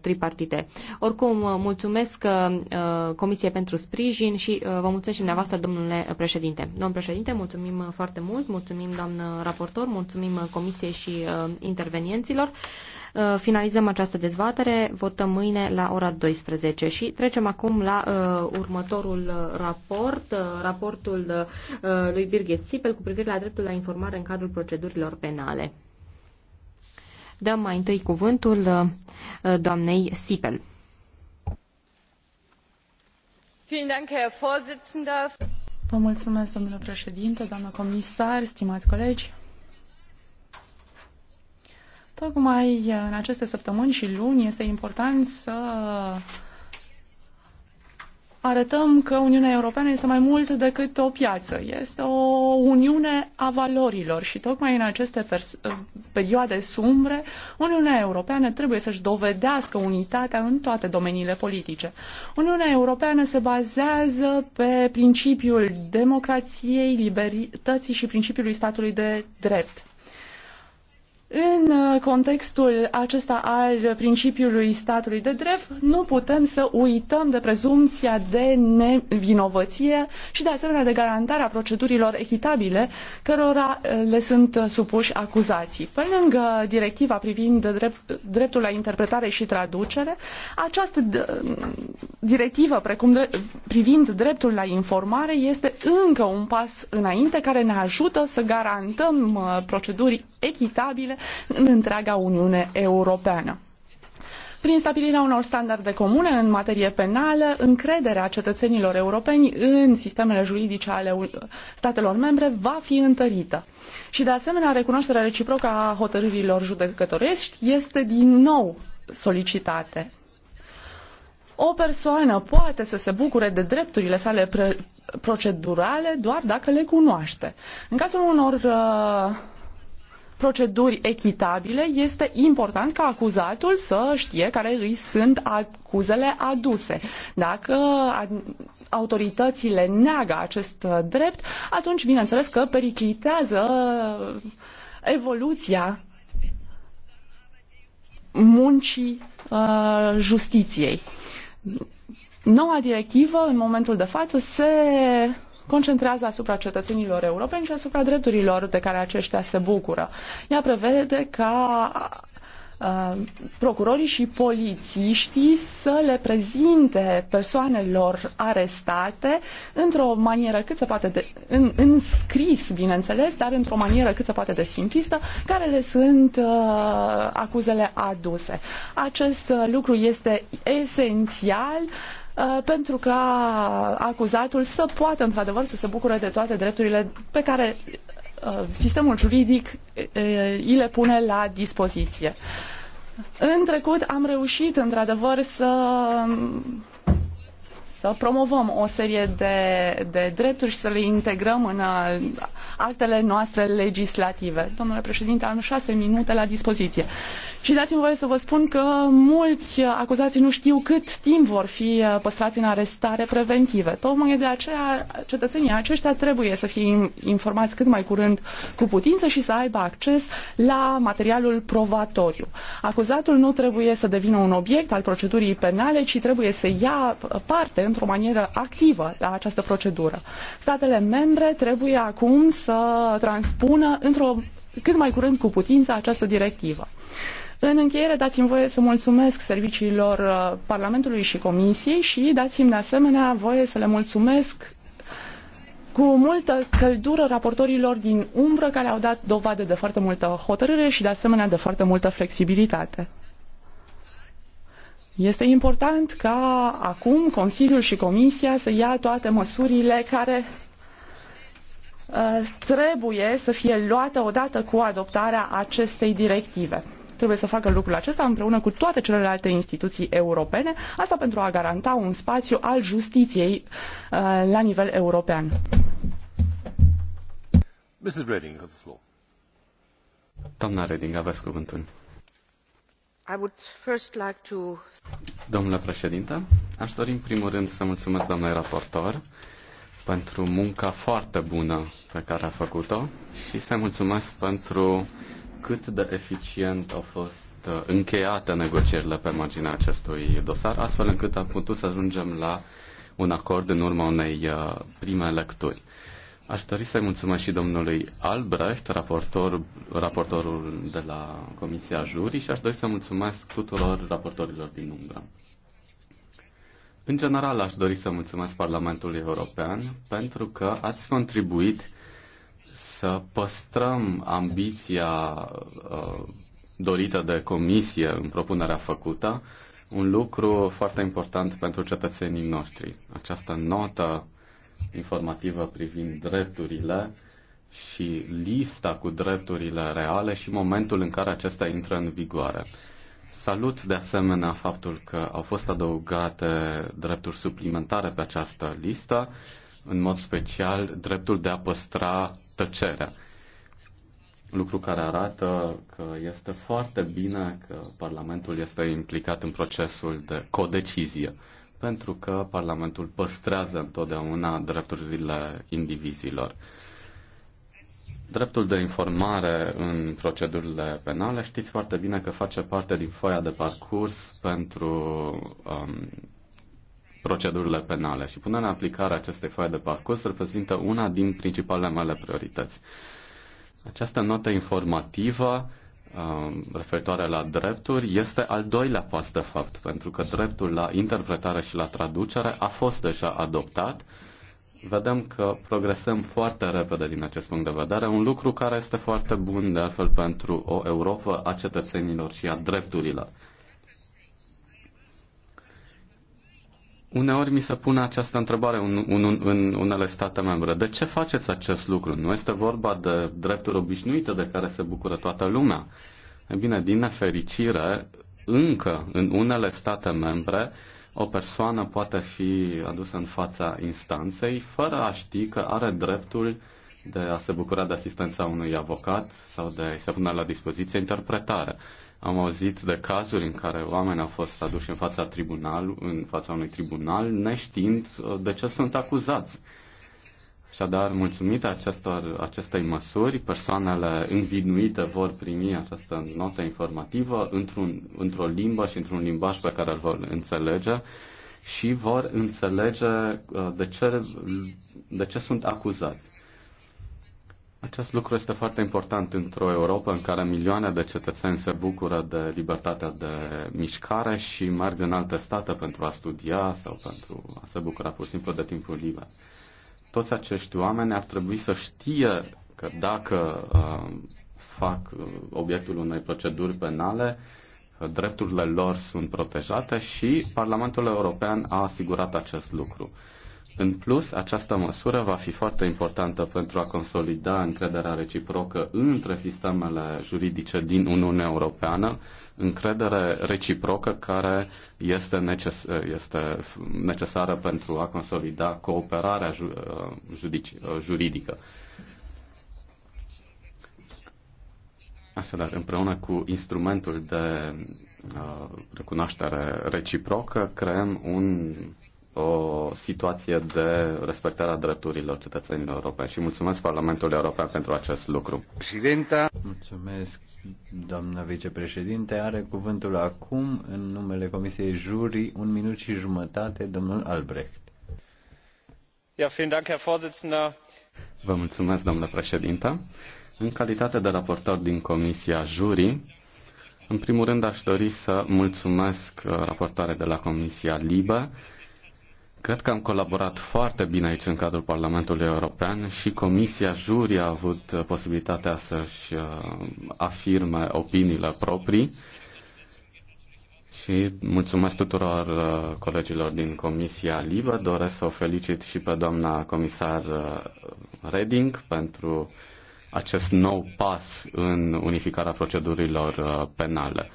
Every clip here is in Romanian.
tripartite. Oricum, uh, mulțumesc uh, uh, Comisiei pentru sprijin și vă mulțumesc și dumneavoastră, domnule președinte. Domnul președinte, mulțumim foarte mult, mulțumim doamnă raportor, mulțumim Comisiei și intervenienților. Finalizăm această dezbatere, votăm mâine la ora 12 și trecem acum la uh, următorul raport, uh, raportul uh, lui Birgit Sipel cu privire la dreptul la informare în cadrul procedurilor penale. Dăm mai întâi cuvântul uh, doamnei Sipel. Vă mulțumesc, domnule președinte, doamnă comisar, stimați colegi. Tocmai în aceste săptămâni și luni este important să arătăm că Uniunea Europeană este mai mult decât o piață. Este o uniune a valorilor și tocmai în aceste uh, perioade sumbre, Uniunea Europeană trebuie să-și dovedească unitatea în toate domeniile politice. Uniunea Europeană se bazează pe principiul democrației, libertății și principiului statului de drept. În uh, contextul acesta al principiului statului de drept, nu putem să uităm de prezumția de nevinovăție și de asemenea de garantarea procedurilor echitabile cărora uh, le sunt uh, supuși acuzații. Pe lângă directiva privind drept, dreptul la interpretare și traducere, această directivă precum de, privind dreptul la informare este încă un pas înainte care ne ajută să garantăm proceduri echitabile în întreaga Uniune Europeană prin stabilirea unor standarde comune în materie penală, încrederea cetățenilor europeni în sistemele juridice ale statelor membre va fi întărită. Și de asemenea, recunoașterea reciprocă a hotărârilor judecătorești este din nou solicitate. O persoană poate să se bucure de drepturile sale procedurale doar dacă le cunoaște. În cazul unor uh, proceduri echitabile, este important ca acuzatul să știe care îi sunt acuzele aduse. Dacă autoritățile neagă acest drept, atunci, bineînțeles, că periclitează evoluția muncii uh, justiției. Noua directivă, în momentul de față, se concentrează asupra cetățenilor europeni și asupra drepturilor de care aceștia se bucură. Ea prevede ca uh, procurorii și polițiștii să le prezinte persoanelor arestate într-o manieră cât se poate de, în, în scris, bineînțeles, dar într-o manieră cât se poate de simplistă, care le sunt uh, acuzele aduse. Acest lucru este esențial uh, Uh, pentru ca acuzatul să poată într-adevăr să se bucure de toate drepturile pe care uh, sistemul juridic îi uh, le pune la dispoziție. În trecut am reușit într-adevăr să să promovăm o serie de, de drepturi și să le integrăm în actele noastre legislative. Domnule președinte, am șase minute la dispoziție. Și dați-mi voie să vă spun că mulți uh, acuzați nu știu cât timp vor fi uh, păstrați în arestare preventive. Tocmai de aceea cetățenii aceștia trebuie să fie informați cât mai curând cu putință și să aibă acces la materialul provatoriu. Acuzatul nu trebuie să devină un obiect al procedurii penale, ci trebuie să ia parte într-o manieră activă la această procedură. Statele membre trebuie acum să transpună într-o cât mai curând cu putință această directivă. În încheiere, dați-mi voie să mulțumesc serviciilor uh, Parlamentului și Comisiei și dați-mi de asemenea voie să le mulțumesc cu multă căldură raportorilor din umbră care au dat dovadă de foarte multă hotărâre și de asemenea de foarte multă flexibilitate. Este important ca acum Consiliul și Comisia să ia toate măsurile care uh, trebuie să fie luate odată cu adoptarea acestei directive trebuie să facă lucrul acesta împreună cu toate celelalte instituții europene, asta pentru a garanta un spațiu al justiției uh, la nivel european. Mrs. Reding, have the floor. Doamna Reding, aveți cuvântul. I would first like to... Domnule președinte, aș dori în primul rând să mulțumesc doamnei raportor pentru munca foarte bună pe care a făcut-o și să mulțumesc pentru cât de eficient au fost uh, încheiate negocierile pe marginea acestui dosar, astfel încât am putut să ajungem la un acord în urma unei uh, prime lecturi. Aș dori să-i mulțumesc și domnului Albrecht, raportor, raportorul de la Comisia Juri, și aș dori să mulțumesc tuturor raportorilor din umbră. În general, aș dori să mulțumesc Parlamentului European pentru că ați contribuit să păstrăm ambiția uh, dorită de comisie în propunerea făcută, un lucru foarte important pentru cetățenii noștri. Această notă informativă privind drepturile și lista cu drepturile reale și momentul în care acesta intră în vigoare. Salut de asemenea faptul că au fost adăugate drepturi suplimentare pe această listă în mod special dreptul de a păstra tăcerea. Lucru care arată că este foarte bine că Parlamentul este implicat în procesul de codecizie, pentru că Parlamentul păstrează întotdeauna drepturile indivizilor. Dreptul de informare în procedurile penale știți foarte bine că face parte din foaia de parcurs pentru um, procedurile penale și punerea în aplicare acestei foi de parcurs reprezintă una din principalele mele priorități. Această notă informativă um, referitoare la drepturi este al doilea pas de fapt, pentru că dreptul la interpretare și la traducere a fost deja adoptat. Vedem că progresăm foarte repede din acest punct de vedere, un lucru care este foarte bun de altfel pentru o Europa a cetățenilor și a drepturilor. Uneori mi se pune această întrebare în, un, în unele state membre. De ce faceți acest lucru? Nu este vorba de drepturi obișnuite de care se bucură toată lumea. E bine, din nefericire, încă în unele state membre, o persoană poate fi adusă în fața instanței fără a ști că are dreptul de a se bucura de asistența unui avocat sau de a-i se pune la dispoziție interpretare. Am auzit de cazuri în care oameni au fost aduși în fața, tribunal, în fața unui tribunal neștiind uh, de ce sunt acuzați. Așadar, mulțumită acestor, acestei măsuri, persoanele învinuite vor primi această notă informativă într-un, într-o limbă și într-un limbaj pe care îl vor înțelege și vor înțelege uh, de ce, de ce sunt acuzați. Acest lucru este foarte important într-o Europa în care milioane de cetățeni se bucură de libertatea de mișcare și merg în alte state pentru a studia sau pentru a se bucura pur și simplu de timpul liber. Toți acești oameni ar trebui să știe că dacă uh, fac uh, obiectul unei proceduri penale, uh, drepturile lor sunt protejate și Parlamentul European a asigurat acest lucru. În plus, această măsură va fi foarte importantă pentru a consolida încrederea reciprocă între sistemele juridice din Uniunea Europeană, încredere reciprocă care este, neces- este necesară pentru a consolida cooperarea ju- uh, judici- uh, juridică. Așadar, împreună cu instrumentul de uh, recunoaștere reciprocă, creăm un o situație de respectarea drepturilor cetățenilor europeni și mulțumesc Parlamentului European pentru acest lucru. Președinta. Mulțumesc, doamna vicepreședinte. Are cuvântul acum, în numele Comisiei Jurii, un minut și jumătate, domnul Albrecht. Ja, vielen Dank, Herr Vorsitzender. Vă mulțumesc, doamnă președinte. În calitate de raportor din Comisia Jurii, în primul rând aș dori să mulțumesc uh, raportoare de la Comisia Libă, Cred că am colaborat foarte bine aici în cadrul Parlamentului European și Comisia Juri a avut uh, posibilitatea să-și uh, afirme opiniile proprii și mulțumesc tuturor uh, colegilor din Comisia Libă. Doresc să o felicit și pe doamna comisar Reding pentru acest nou pas în unificarea procedurilor penale.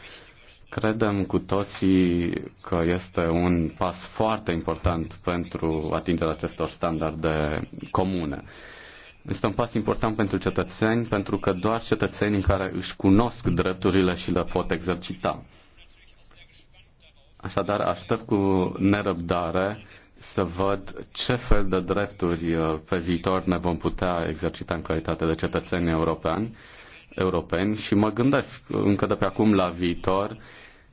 Credem cu toții că este un pas foarte important pentru atingerea acestor standarde comune. Este un pas important pentru cetățeni, pentru că doar cetățenii care își cunosc drepturile și le pot exercita. Așadar, aștept cu nerăbdare să văd ce fel de drepturi uh, pe viitor ne vom putea exercita în calitate de cetățeni europeni europeni și mă gândesc încă de pe acum la viitor.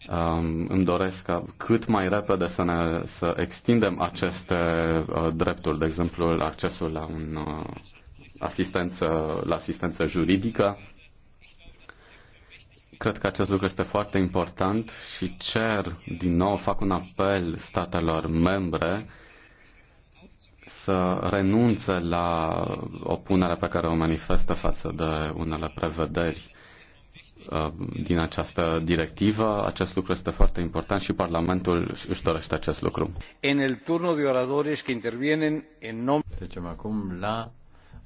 Um, îmi doresc ca cât mai repede să, ne, să extindem aceste uh, drepturi, de exemplu accesul la, un, uh, asistență, la asistență juridică. Cred că acest lucru este foarte important și cer din nou, fac un apel statelor membre uh, să renunțe la opunerea pe care o manifestă față de unele prevederi uh, din această directivă. Acest lucru este foarte important și Parlamentul își dorește acest lucru. În el turno de oradores care intervin în nume... Trecem acum la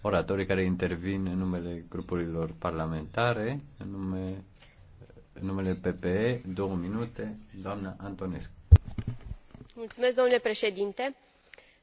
oratorii care intervin în numele grupurilor parlamentare, în, nume, în numele PPE, două minute, doamna Antonescu. Mulțumesc, domnule președinte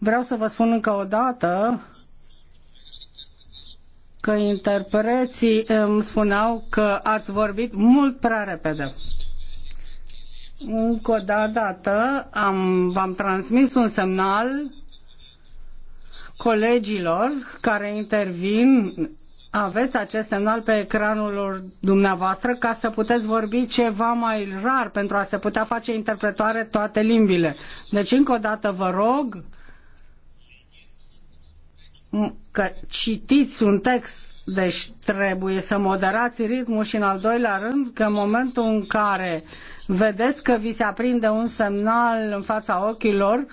Vreau să vă spun încă o dată că interpreții îmi um, spuneau că ați vorbit mult prea repede. Încă o dată am, v-am transmis un semnal colegilor care intervin. Aveți acest semnal pe ecranul dumneavoastră ca să puteți vorbi ceva mai rar pentru a se putea face interpretare toate limbile. Deci încă o dată vă rog că citiți un text, deci trebuie să moderați ritmul și în al doilea rând că în momentul în care vedeți că vi se aprinde un semnal în fața ochilor,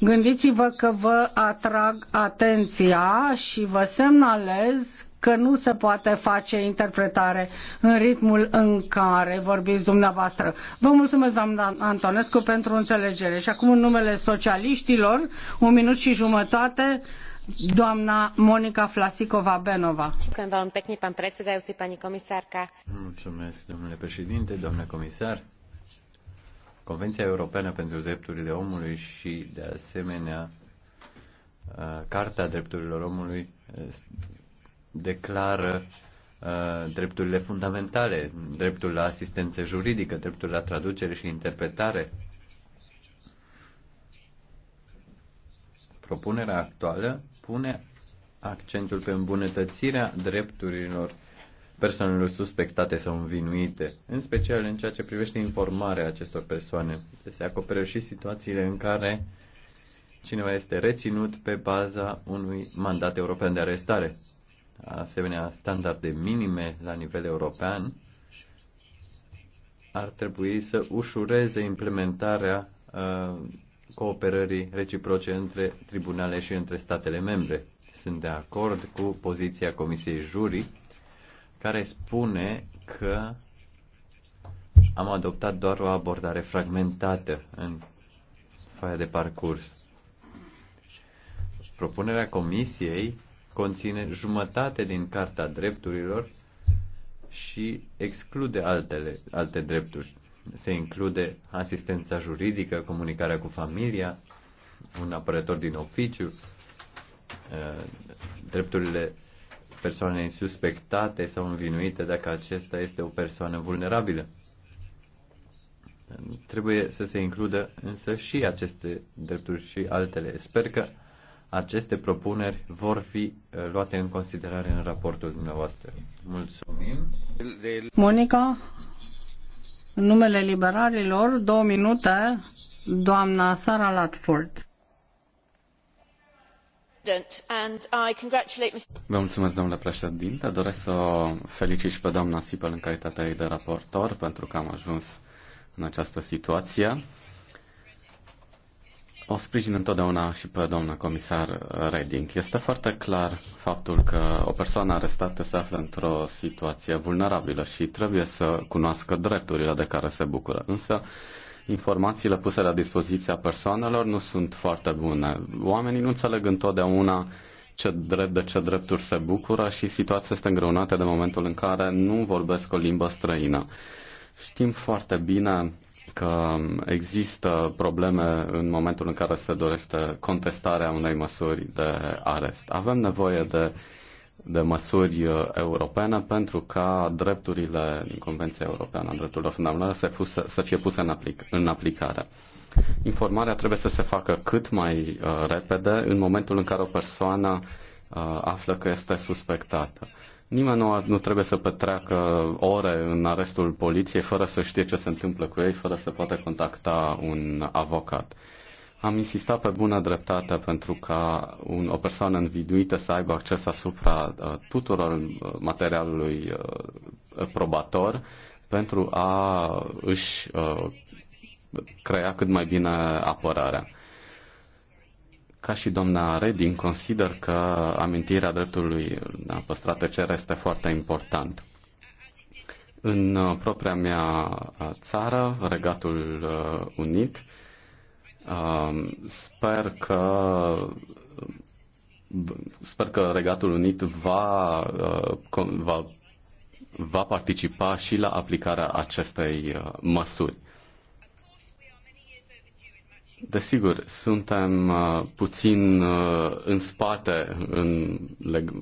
gândiți-vă că vă atrag atenția și vă semnalez că nu se poate face interpretare în ritmul în care vorbiți dumneavoastră. Vă mulțumesc, doamna Antonescu, pentru înțelegere. Și acum, în numele socialiștilor, un minut și jumătate, doamna Monica Flasikova Benova. Mulțumesc, domnule președinte, doamnă comisar. Convenția Europeană pentru Drepturile Omului și, de asemenea, Carta Drepturilor Omului declară drepturile fundamentale, dreptul la asistență juridică, dreptul la traducere și interpretare. Propunerea actuală pune accentul pe îmbunătățirea drepturilor persoanelor suspectate sau învinuite, în special în ceea ce privește informarea acestor persoane. Deci se acoperă și situațiile în care cineva este reținut pe baza unui mandat european de arestare. Asemenea, standarde minime la nivel european ar trebui să ușureze implementarea uh, cooperării reciproce între tribunale și între statele membre. Sunt de acord cu poziția Comisiei Jurii, care spune că am adoptat doar o abordare fragmentată în faia de parcurs. Propunerea Comisiei conține jumătate din Carta Drepturilor și exclude altele, alte drepturi se include asistența juridică, comunicarea cu familia, un apărător din oficiu, uh, drepturile persoanei suspectate sau învinuite dacă acesta este o persoană vulnerabilă. Trebuie să se includă însă și aceste drepturi și altele. Sper că aceste propuneri vor fi uh, luate în considerare în raportul dumneavoastră. Mulțumim. Monica, în numele liberalilor, două minute, doamna Sara Latford. Vă mulțumesc, domnule președinte. Doresc să o felicit și pe doamna Sipel în calitatea ei de raportor pentru că am ajuns în această situație. O sprijin întotdeauna și pe doamna comisar Reding. Este foarte clar faptul că o persoană arestată se află într-o situație vulnerabilă și trebuie să cunoască drepturile de care se bucură. Însă, informațiile puse la dispoziția persoanelor nu sunt foarte bune. Oamenii nu înțeleg întotdeauna ce drept, de ce drepturi se bucură și situația este îngreunată de momentul în care nu vorbesc o limbă străină. Știm foarte bine că există probleme în momentul în care se dorește contestarea unei măsuri de arest. Avem nevoie de, de măsuri uh, europene pentru ca drepturile din Convenția Europeană a Drepturilor Fundamentale să, să fie puse în, aplic, în aplicare. Informarea trebuie să se facă cât mai uh, repede în momentul în care o persoană uh, află că este suspectată. Uh, Nimeni nu, nu trebuie să petreacă ore în arestul poliției fără să știe ce se întâmplă cu ei, fără să poată contacta un avocat. Am insistat pe bună dreptate pentru ca un, o persoană înviduită să aibă acces asupra uh, tuturor uh, materialului uh, probator pentru a își uh, crea cât mai bine apărarea. Ca și doamna Redin, consider că amintirea dreptului la păstrate cere este foarte important. În uh, propria mea uh, țară, Regatul uh, Unit, sper că sper că Regatul Unit va, va, va participa și la aplicarea acestei măsuri. Desigur, suntem uh, puțin uh, în spate în,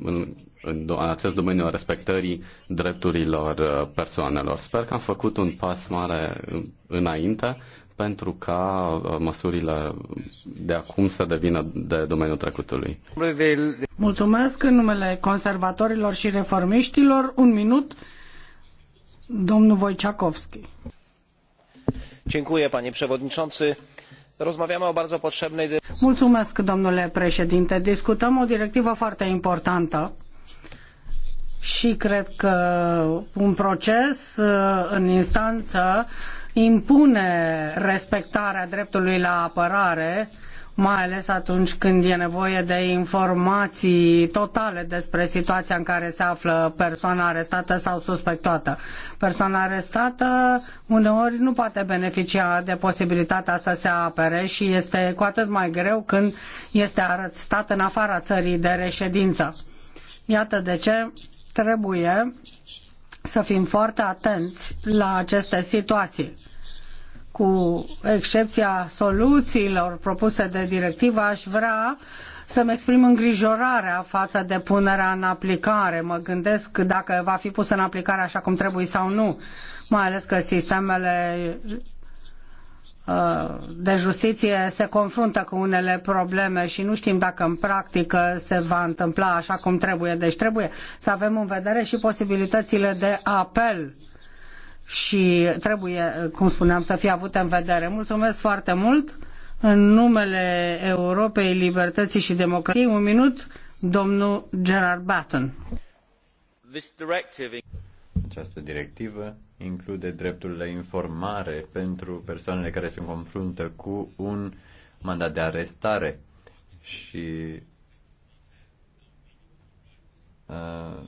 în, în acest domeniu al respectării drepturilor uh, persoanelor. Sper că am făcut un pas mare uh, înainte pentru ca uh, măsurile de acum să devină de domeniul trecutului. Mulțumesc în numele conservatorilor și reformiștilor. Un minut, domnul Wojciechowski. Dziękuję, panie przewodniczący. Mulțumesc, domnule președinte. Discutăm o directivă foarte importantă și cred că un proces uh, în instanță impune respectarea dreptului la apărare uh, mai ales atunci când e nevoie de informații totale despre situația în care se află persoana arestată sau suspectată. Persoana arestată uneori nu poate beneficia de posibilitatea să se apere și este cu atât mai greu când este arestată în afara țării de reședință. Iată de ce trebuie să fim foarte atenți la aceste situații cu excepția soluțiilor propuse de directivă, aș vrea să-mi exprim îngrijorarea față de punerea în aplicare. Mă gândesc dacă va fi pusă în aplicare așa cum trebuie sau nu, mai ales că sistemele uh, de justiție se confruntă cu unele probleme și nu știm dacă în practică se va întâmpla așa cum trebuie. Deci trebuie să avem în vedere și posibilitățile de apel și trebuie, cum spuneam, să fie avute în vedere. Mulțumesc foarte mult! În numele Europei Libertății și Democrației, un minut, domnul Gerard Batten. Această directivă include dreptul la informare pentru persoanele care se confruntă cu un mandat de arestare și uh,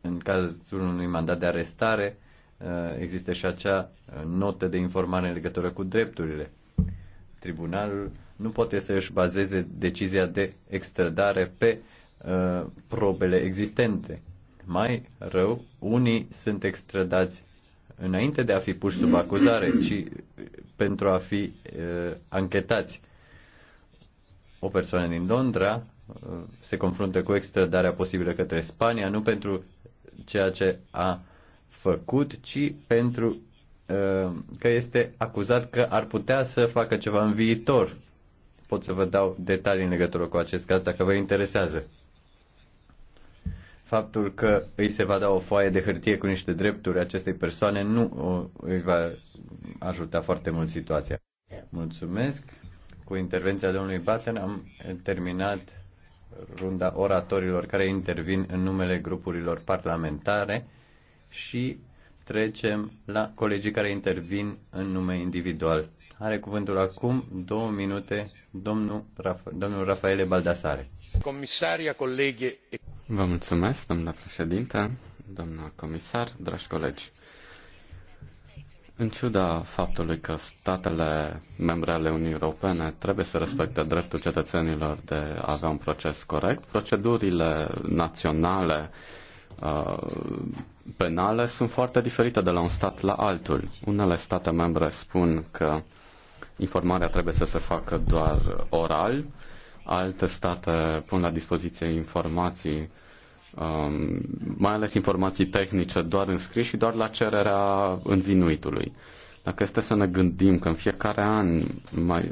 în cazul unui mandat de arestare Uh, existe și acea uh, notă de informare în legătură cu drepturile. Tribunalul nu poate să își bazeze decizia de extradare pe uh, probele existente. Mai rău, unii sunt extradați înainte de a fi puși sub acuzare, ci pentru a fi uh, anchetați. O persoană din Londra uh, se confruntă cu extradarea posibilă către Spania, nu pentru ceea ce a făcut, ci pentru uh, că este acuzat că ar putea să facă ceva în viitor. Pot să vă dau detalii în legătură cu acest caz dacă vă interesează. Faptul că îi se va da o foaie de hârtie cu niște drepturi acestei persoane nu uh, îi va ajuta foarte mult situația. Mulțumesc. Cu intervenția domnului Batten am terminat runda oratorilor care intervin în numele grupurilor parlamentare și trecem la colegii care intervin în nume individual. Are cuvântul acum două minute domnul, Rafa, domnul Rafaele Baldasare. Comisaria, colegi... Vă mulțumesc, domnule președinte, domnul comisar, dragi colegi. În ciuda faptului că statele membre ale Uniunii Europene trebuie să respecte dreptul cetățenilor de a avea un proces corect, procedurile naționale uh, penale sunt foarte diferite de la un stat la altul. Unele state membre spun că informarea trebuie să se facă doar oral, alte state pun la dispoziție informații, um, mai ales informații tehnice, doar în scris și doar la cererea învinuitului. Dacă este să ne gândim că în fiecare an mai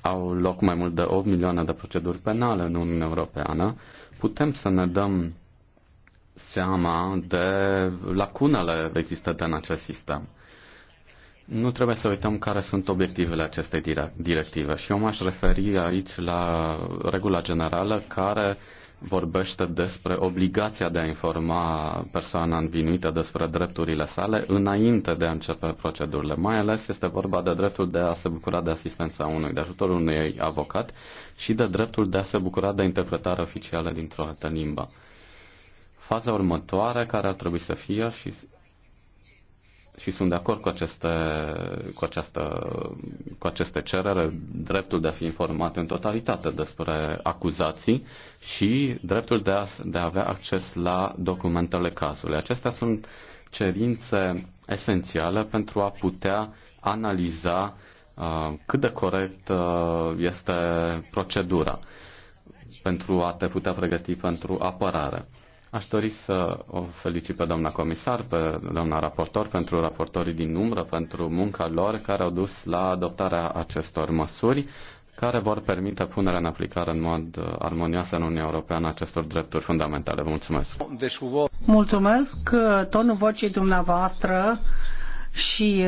au loc mai mult de 8 milioane de proceduri penale în Uniunea Europeană, putem să ne dăm seama de lacunele existente în acest sistem. Nu trebuie să uităm care sunt obiectivele acestei directive și eu m-aș referi aici la regula generală care vorbește despre obligația de a informa persoana învinuită despre drepturile sale înainte de a începe procedurile. Mai ales este vorba de dreptul de a se bucura de asistența unui, de ajutorul unui avocat și de dreptul de a se bucura de interpretare oficială dintr-o altă limbă faza următoare care ar trebui să fie și, și sunt de acord cu, aceste, cu, această, cu aceste cerere, dreptul de a fi informat în totalitate despre acuzații și dreptul de a, de a avea acces la documentele cazului. Acestea sunt cerințe esențiale pentru a putea analiza uh, cât de corect uh, este procedura pentru a te putea pregăti pentru apărare. Aș dori să o felicit pe doamna comisar, pe doamna raportor, pentru raportorii din umbră, pentru munca lor care au dus la adoptarea acestor măsuri care vor permite punerea în aplicare în mod uh, armonios în Uniunea Europeană acestor drepturi fundamentale. Vă mulțumesc! Mulțumesc! Uh, tonul vocii dumneavoastră și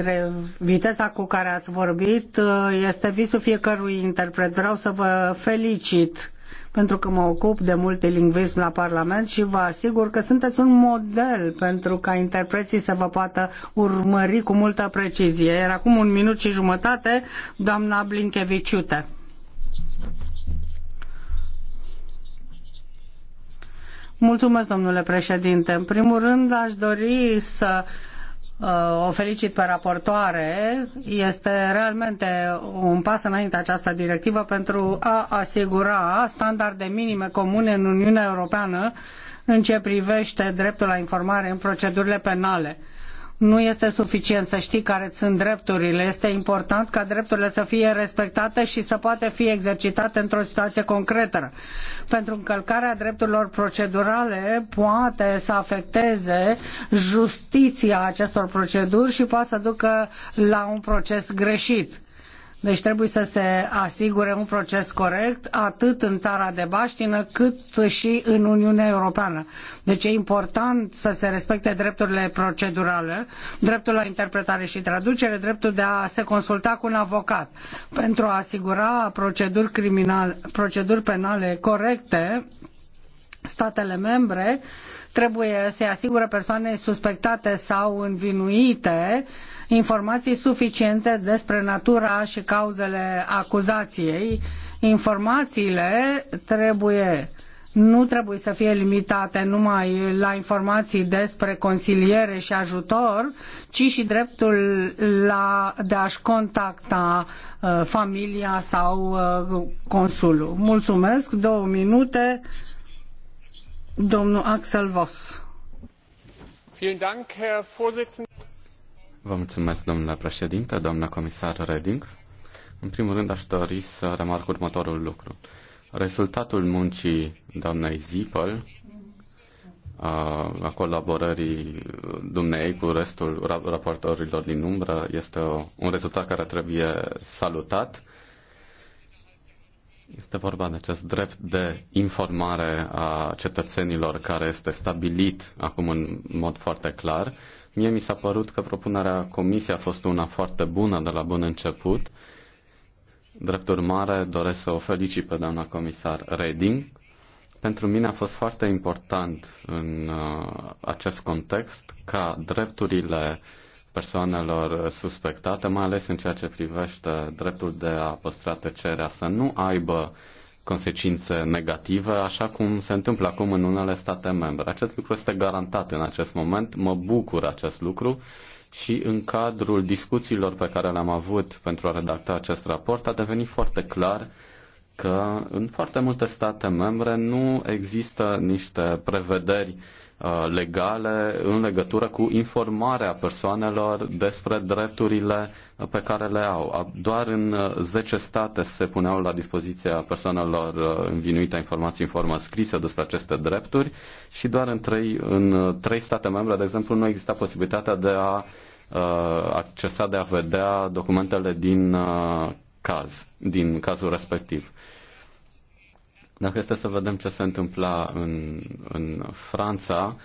viteza cu care ați vorbit uh, este visul fiecărui interpret. Vreau să vă felicit pentru că mă ocup de multilingvism la Parlament și vă asigur că sunteți un model pentru ca interpreții să vă poată urmări cu multă precizie. Era acum un minut și jumătate, doamna Blinkeviciute. Mulțumesc, domnule președinte. În primul rând, aș dori să Uh, o felicit pe raportoare. Este realmente un pas înainte această directivă pentru a asigura standarde minime comune în Uniunea Europeană în ce privește dreptul la informare în procedurile penale nu este suficient să știi care sunt drepturile. Este important ca drepturile să fie respectate și să poată fi exercitate într-o situație concretă. Pentru încălcarea drepturilor procedurale poate să afecteze justiția acestor proceduri și poate să ducă la un proces greșit deci trebuie să se asigure un proces corect atât în țara de baștină cât și în Uniunea Europeană. Deci e important să se respecte drepturile procedurale, dreptul la interpretare și traducere, dreptul de a se consulta cu un avocat pentru a asigura proceduri, criminal, proceduri penale corecte statele membre trebuie să asigure persoanei suspectate sau învinuite informații suficiente despre natura și cauzele acuzației. Informațiile trebuie nu trebuie să fie limitate numai la informații despre consiliere și ajutor, ci și dreptul la, de a-și contacta uh, familia sau uh, consulul. Mulțumesc, două minute. Uh, Domnul Axel Voss. comisar În primul rând, aș dori să remarc următorul lucru. Rezultatul muncii doamnei Zipel, uh, a colaborării dumneei cu restul raportorilor din umbră, este un rezultat care trebuie salutat este vorba de acest drept de informare a cetățenilor care este stabilit acum în mod foarte clar. Mie mi s-a părut că propunerea comisiei a fost una foarte bună de la bun început. Drept urmare, doresc să o felicit pe doamna comisar Reding. Pentru mine a fost foarte important în uh, acest context ca drepturile uh, persoanelor suspectate, mai ales în ceea ce privește dreptul de a păstra tăcerea, să nu aibă consecințe negative, așa cum se întâmplă acum în unele state membre. Acest lucru este garantat în acest moment. Mă bucur acest lucru și în cadrul discuțiilor pe care le-am avut pentru a redacta acest raport a devenit foarte clar că în foarte multe state membre nu există niște prevederi Uh, legale în legătură cu informarea persoanelor despre drepturile pe care le au. Doar în 10 uh, state se puneau la dispoziția persoanelor uh, învinuite informații în formă scrisă despre aceste drepturi și doar în 3, în 3 state membre, de exemplu, nu exista posibilitatea de a accesa, de a vedea documentele din caz, din cazul respectiv. Dacă este să vedem ce se întâmpla în, în Franța,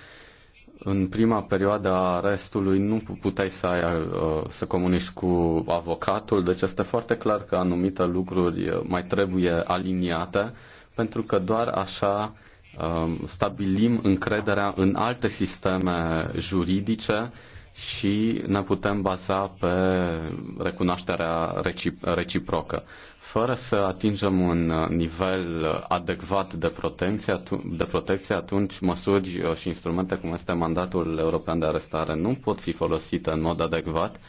în prima perioadă a arestului nu puteai să, ai, uh, să comunici cu avocatul, deci este foarte clar că anumite lucruri uh, mai trebuie aliniate, pentru că doar așa um, stabilim încrederea în alte sisteme juridice și ne putem baza pe recunoașterea reciprocă. Fără să atingem un nivel adecvat de protecție, de protecție, atunci măsuri uh, și instrumente cum este mandatul european de arestare nu pot fi folosite în mod adecvat.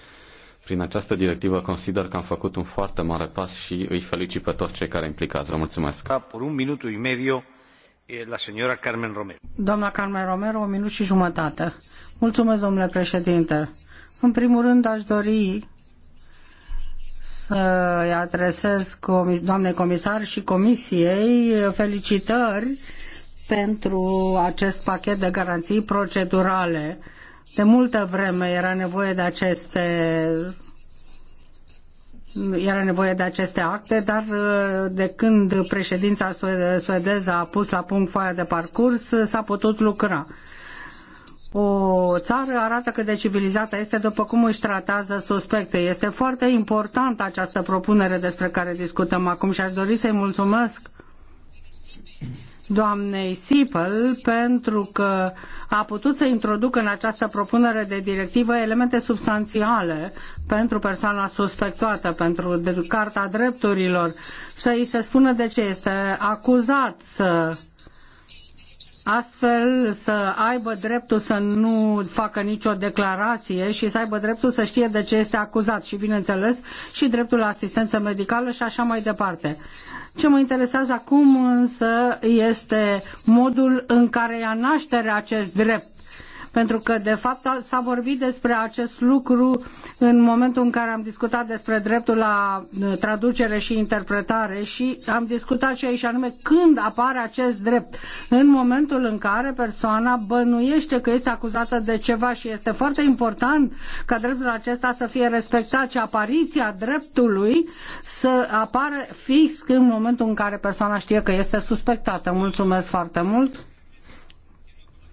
Prin această directivă consider că am făcut un foarte mare pas și îi felicit pe toți cei care implicați. Vă mulțumesc. Por un minut și medio la señora Carmen Romero. Doamna Carmen Romero, un minut și jumătate. Mulțumesc, domnule președinte. În primul rând, aș dori să-i adresez comis, doamnei comisar și comisiei felicitări pentru acest pachet de garanții procedurale. De multă vreme era nevoie de aceste era nevoie de aceste acte, dar uh, de când președința suedeză a pus la punct foaia de parcurs, uh, s-a putut lucra. O țară arată cât de civilizată este după cum își tratează suspecte. Este foarte importantă această propunere despre care discutăm acum și aș dori să-i mulțumesc doamnei Sipel pentru că a putut să introducă în această propunere de directivă elemente substanțiale pentru persoana suspectată, pentru Carta Drepturilor, să îi se spună de ce este acuzat să astfel să aibă dreptul să nu facă nicio declarație și să aibă dreptul să știe de ce este acuzat și, bineînțeles, și dreptul la asistență medicală și așa mai departe. Ce mă interesează acum însă este modul în care ia naștere acest drept pentru că de fapt s-a vorbit despre acest lucru în momentul în care am discutat despre dreptul la uh, traducere și interpretare și am discutat și aici anume când apare acest drept în momentul în care persoana bănuiește că este acuzată de ceva și este foarte important ca dreptul acesta să fie respectat și apariția dreptului să apară fix în momentul în care persoana știe că este suspectată. Mulțumesc foarte mult!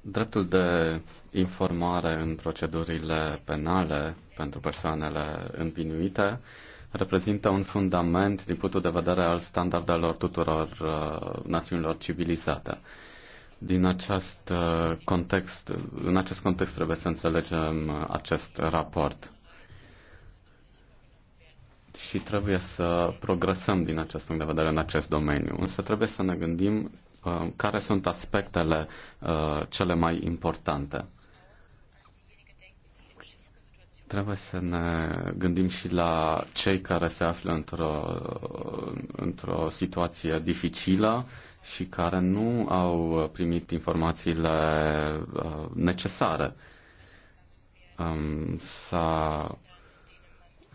Dreptul de informare în procedurile penale pentru persoanele învinuite reprezintă un fundament din punctul de vedere al standardelor tuturor uh, națiunilor civilizate. Din acest uh, context, în acest context trebuie să înțelegem acest raport și trebuie să progresăm din acest punct de vedere în acest domeniu. Însă trebuie să ne gândim Uh, care sunt aspectele uh, cele mai importante. Trebuie să ne gândim și la cei care se află într-o, într-o situație dificilă și care nu au primit informațiile uh, necesare. Um, s-a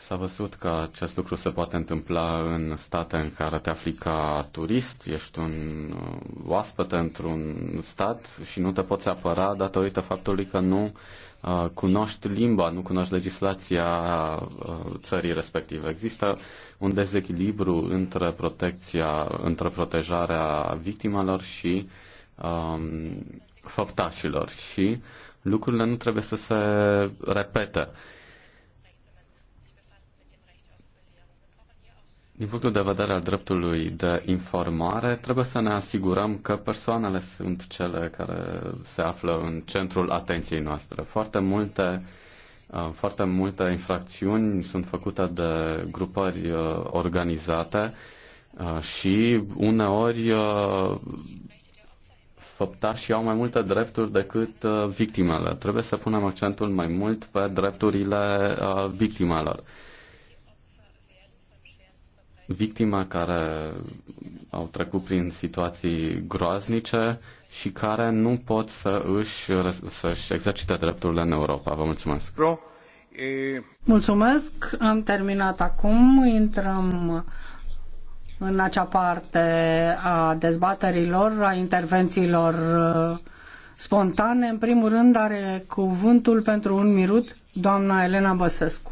S-a văzut că acest lucru se poate întâmpla în state în care te afli ca turist, ești un uh, oaspete într-un stat și nu te poți apăra datorită faptului că nu uh, cunoști limba, nu cunoști legislația uh, țării respective. Există un dezechilibru între protecția, între protejarea victimelor și um, făptașilor și lucrurile nu trebuie să se repete. Uh, Din punctul de vedere al dreptului de informare, trebuie să ne asigurăm că persoanele sunt cele care se află în centrul atenției noastre. Foarte multe, uh, foarte multe infracțiuni sunt făcute de grupări uh, organizate uh, și uneori și au mai multe drepturi decât victimele. Trebuie să punem accentul mai mult pe drepturile victimelor victima care au trecut prin situații groaznice și care nu pot să își, să își exercite drepturile în Europa. Vă mulțumesc! Mulțumesc! Am terminat acum. Intrăm în acea parte a dezbaterilor, a intervențiilor uh, spontane. În primul rând are cuvântul pentru un minut doamna Elena Băsescu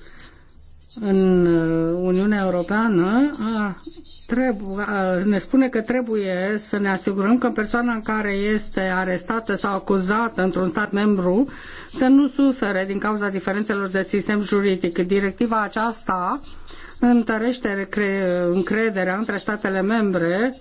în uh, Uniunea Europeană a, trebuie, a, ne spune că trebuie să ne asigurăm că persoana care este arestată sau acuzată într-un stat membru să nu sufere din cauza diferențelor de sistem juridic. Directiva aceasta întărește încrederea între statele membre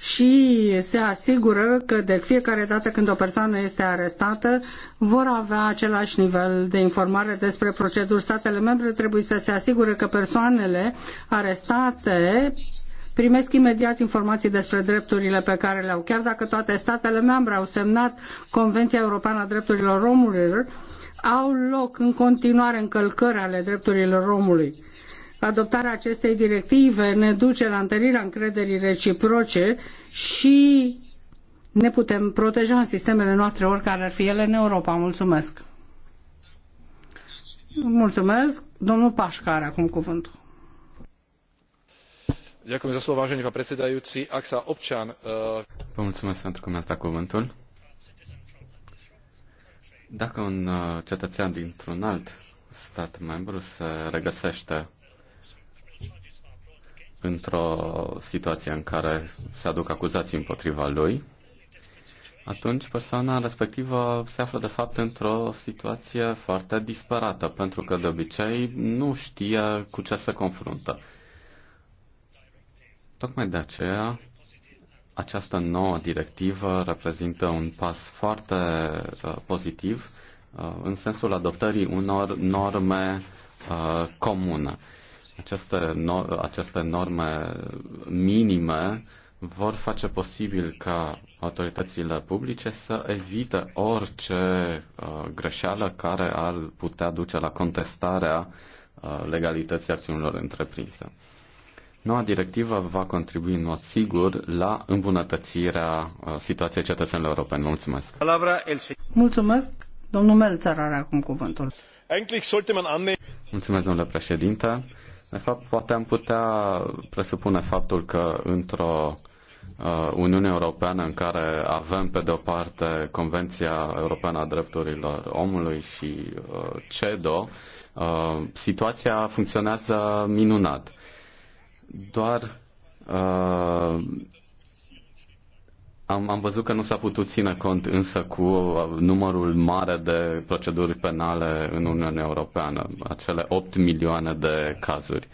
și se asigură că de fiecare dată când o persoană este arestată vor avea același nivel de informare despre proceduri. Statele membre trebuie să se asigure că persoanele arestate primesc imediat informații despre drepturile pe care le au. Chiar dacă toate statele membre au semnat Convenția Europeană a Drepturilor Omului, au loc în continuare încălcări ale drepturilor omului adoptarea acestei directive ne duce la întărirea încrederii reciproce și ne putem proteja în sistemele noastre, oricare ar fi ele, în Europa. Mulțumesc! Mulțumesc! Domnul Pașca are acum cuvântul. Ďakujem za slovo, vážený pán predsedajúci. Ak sa občan... Uh... Mulțumesc pentru că mi a dat cuvântul. Dacă un cetățean dintr-un alt stat membru se regăsește într-o situație în care se aduc acuzații împotriva lui, atunci persoana respectivă se află de fapt într-o situație foarte disperată, pentru că de obicei nu știe cu ce se confruntă. Tocmai de aceea, această nouă directivă reprezintă un pas foarte uh, pozitiv uh, în sensul adoptării unor norme uh, comune. Uh, aceste, no- aceste norme minime vor face posibil ca autoritățile publice să evite orice uh, greșeală care ar putea duce la contestarea uh, legalității acțiunilor întreprinse. Noua directivă va contribui în mod sigur la îmbunătățirea uh, situației cetățenilor europeni. Mulțumesc! Mulțumesc! Domnul Melțar are acum cuvântul. Mulțumesc, domnule președinte! De fapt, poate am putea presupune faptul că într-o uh, Uniune Europeană în care avem, pe de o parte, Convenția Europeană a Drepturilor Omului și uh, CEDO, uh, situația funcționează minunat. Doar uh, am, am văzut că nu s-a putut ține cont însă cu uh, numărul mare de proceduri penale în Uniunea Europeană, acele 8 milioane de cazuri.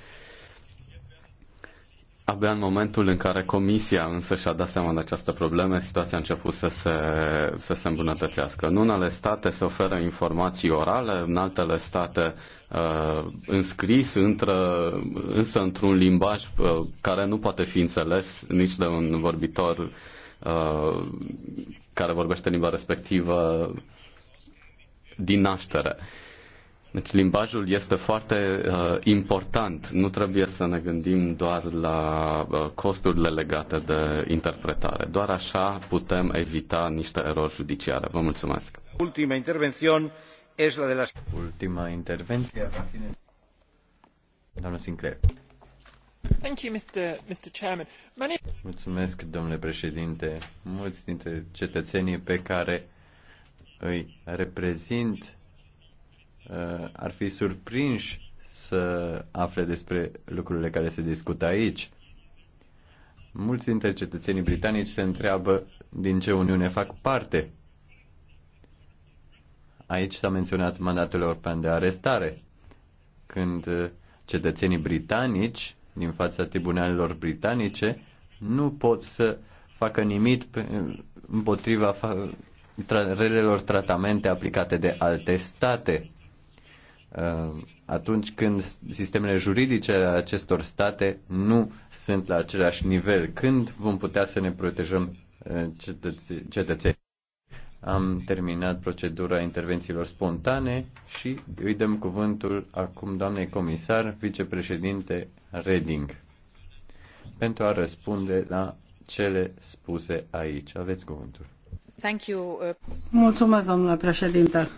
Abia în momentul în care Comisia însă și-a dat seama de această problemă, situația a început să se, să se îmbunătățească. În unele state se oferă informații orale, în altele state uh, înscris, între, însă într-un limbaj uh, care nu poate fi înțeles nici de un vorbitor uh, Uh, care vorbește limba respectivă din naștere. Deci limbajul este foarte uh, important. Nu trebuie să ne gândim doar la uh, costurile legate de interpretare. Doar așa putem evita niște erori judiciare. Vă mulțumesc. Ultima intervenție este la de la... Ultima intervenție. Doamna Sinclair. Mulțumesc, domnule președinte. Mulți dintre cetățenii pe care îi reprezint uh, ar fi surprinși să afle despre lucrurile care se discută aici. Mulți dintre cetățenii britanici se întreabă din ce Uniune fac parte. Aici s-a menționat mandatul european de arestare, când uh, cetățenii britanici din fața tribunalelor britanice, nu pot să facă nimic împotriva relelor tratamente aplicate de alte state. Uh, atunci când sistemele juridice ale acestor state nu sunt la același nivel, când vom putea să ne protejăm uh, cetățenii? Am terminat procedura intervențiilor spontane și îi dăm cuvântul acum doamnei comisar, vicepreședinte Reding, pentru a răspunde la cele spuse aici. Aveți cuvântul. Thank you. Uh, Mulțumesc, domnule președinte.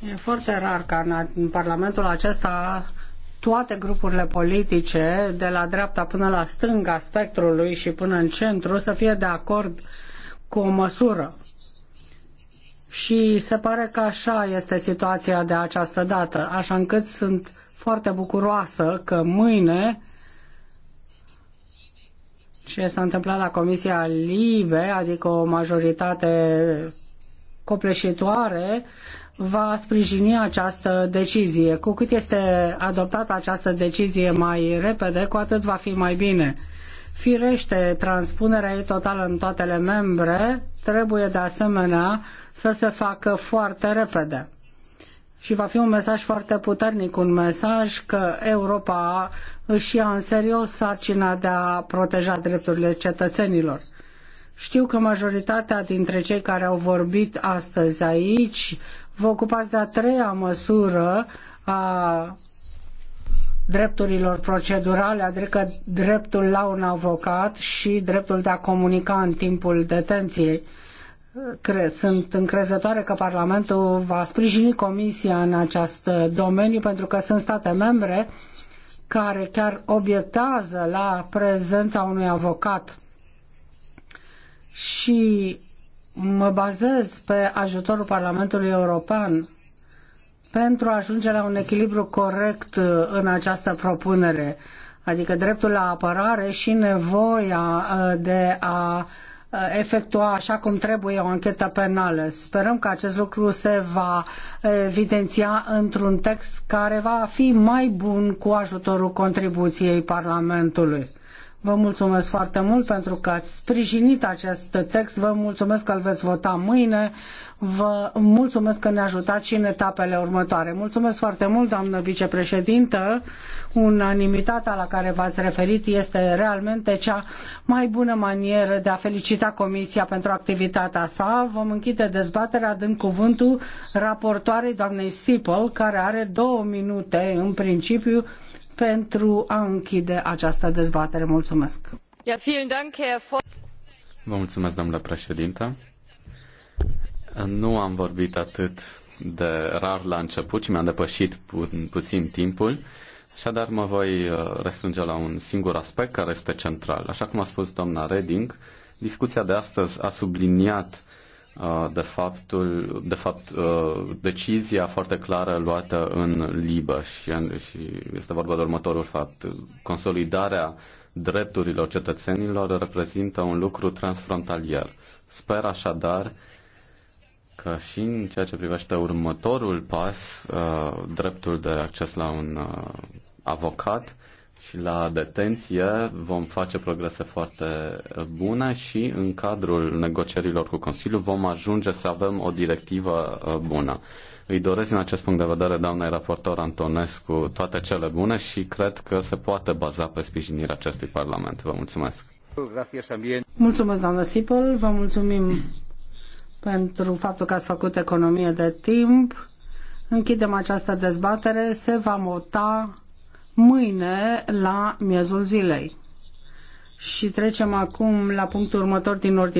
E foarte rar ca în Parlamentul acesta toate grupurile politice, de la dreapta până la stânga spectrului și până în centru, să fie de acord uh, cu o măsură. Și se pare că așa este situația de această dată, așa încât sunt foarte bucuroasă că mâine ce s-a întâmplat la Comisia Libe, adică o majoritate copleșitoare, va sprijini această decizie. Cu cât este adoptată această decizie mai repede, cu atât va fi mai bine. Firește, transpunerea ei totală în toatele membre trebuie de asemenea să se facă foarte repede. Și va fi un mesaj foarte puternic, un mesaj că Europa își ia în serios sarcina de a proteja drepturile cetățenilor. Știu că majoritatea dintre cei care au vorbit astăzi aici vă ocupați de a treia măsură a drepturilor procedurale, adică dreptul la un avocat și dreptul de a comunica în timpul detenției. sunt încrezătoare că Parlamentul va sprijini Comisia în acest domeniu pentru că sunt state membre care chiar obiectează la prezența unui avocat și mă bazez pe ajutorul Parlamentului European pentru a ajunge la un echilibru corect uh, în această propunere, adică dreptul la apărare și nevoia uh, de a uh, efectua așa cum trebuie o anchetă penală. Sperăm că acest lucru se va evidenția într-un text care va fi mai bun cu ajutorul contribuției Parlamentului. Vă mulțumesc foarte mult pentru că ați sprijinit acest text. Vă mulțumesc că îl veți vota mâine. Vă mulțumesc că ne ajutați și în etapele următoare. Mulțumesc foarte mult, doamnă vicepreședintă. Unanimitatea la care v-ați referit este realmente cea mai bună manieră de a felicita Comisia pentru activitatea sa. Vom închide dezbaterea dând cuvântul raportoarei doamnei Sipol, care are două minute în principiu pentru a închide această dezbatere. Mulțumesc! Vă mulțumesc, domnule președinte. Nu am vorbit atât de rar la început ci mi am depășit pu- puțin timpul. Așadar, mă voi uh, restrânge la un singur aspect care este central. Așa cum a spus doamna Reding, discuția de astăzi a subliniat Uh, de, faptul, de fapt uh, decizia foarte clară luată în Libă și, și este vorba de următorul fapt. Consolidarea drepturilor cetățenilor reprezintă un lucru transfrontalier. Sper așadar că și în ceea ce privește următorul pas, uh, dreptul de acces la un avocat, și la detenție vom face progrese foarte bune și în cadrul negocierilor cu Consiliul vom ajunge să avem o directivă uh, bună. Îi doresc în acest punct de vedere, doamnei raportor Antonescu, toate cele bune și cred că se poate baza pe sprijinirea acestui Parlament. Vă mulțumesc! Mulțumesc, doamnă Sipol, vă mulțumim pentru faptul că ați făcut economie de timp. Închidem această dezbatere. Se va mota mâine la miezul zilei. Și trecem acum la punctul următor din ordine.